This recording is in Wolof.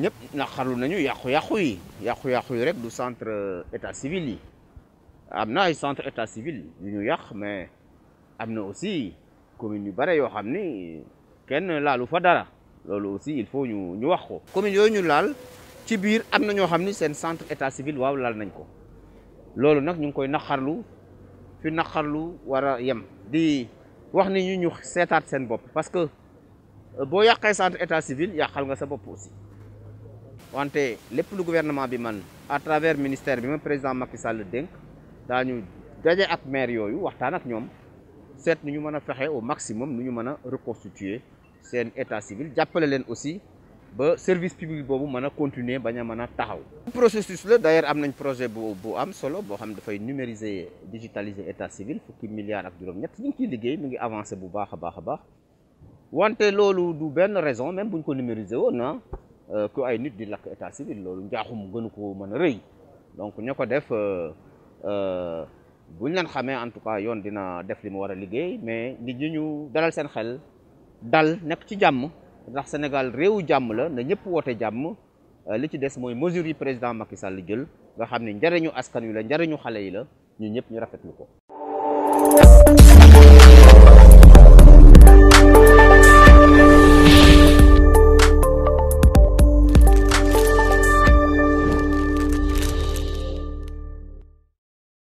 Nous avons nañu yi du euh, centre état civil yi centre état civil mais il aussi commune yu bare yo kenn laalu fa dara aussi il faut ñu ñu wax ko commune yo ñu laal ci biir amna ño centre état civil waaw laal nañ ko lolu nak ñu koy nous fi di wax ni parce que euh, centre état civil nga sa wante lepp lu gouvernement bi man à travers ministère bi ma président Macky Sall dénk dañu dajé ak maire yoyu waxtaan ak ñom seet ñu mëna fexé au maximum ñu mëna reconstituer sen état civil jàppale leen aussi ba service public bobu mëna continuer baña mëna taxaw. processus le d'ailleurs am nañ projet bu bu am solo bo xam da fay numériser digitaliser état civil fukki milliards ak juroom ñet ñu ci liggéey mi ngi avancer bu baax a baax a baax wante loolu du ben raison même buñ ko numériser woon ah. ku euh, ay nit di lakk état civil loolu njaaxum gënu ko mën a rëy donc ñoo ko def euh, euh, buñ leen xamee en tout cas yoon dina def li mu war a liggéey mais nit ñu ñu dalal seen xel dal nekk ci jàmm ndax Sénégal réewu jàmm la na ñëpp woote jàmm li ci des mooy mesures yi président Macky Sall jël nga xam ni njariñu askan wi la njariñu xale yi la ñun ñëpp ñu rafet lu ko.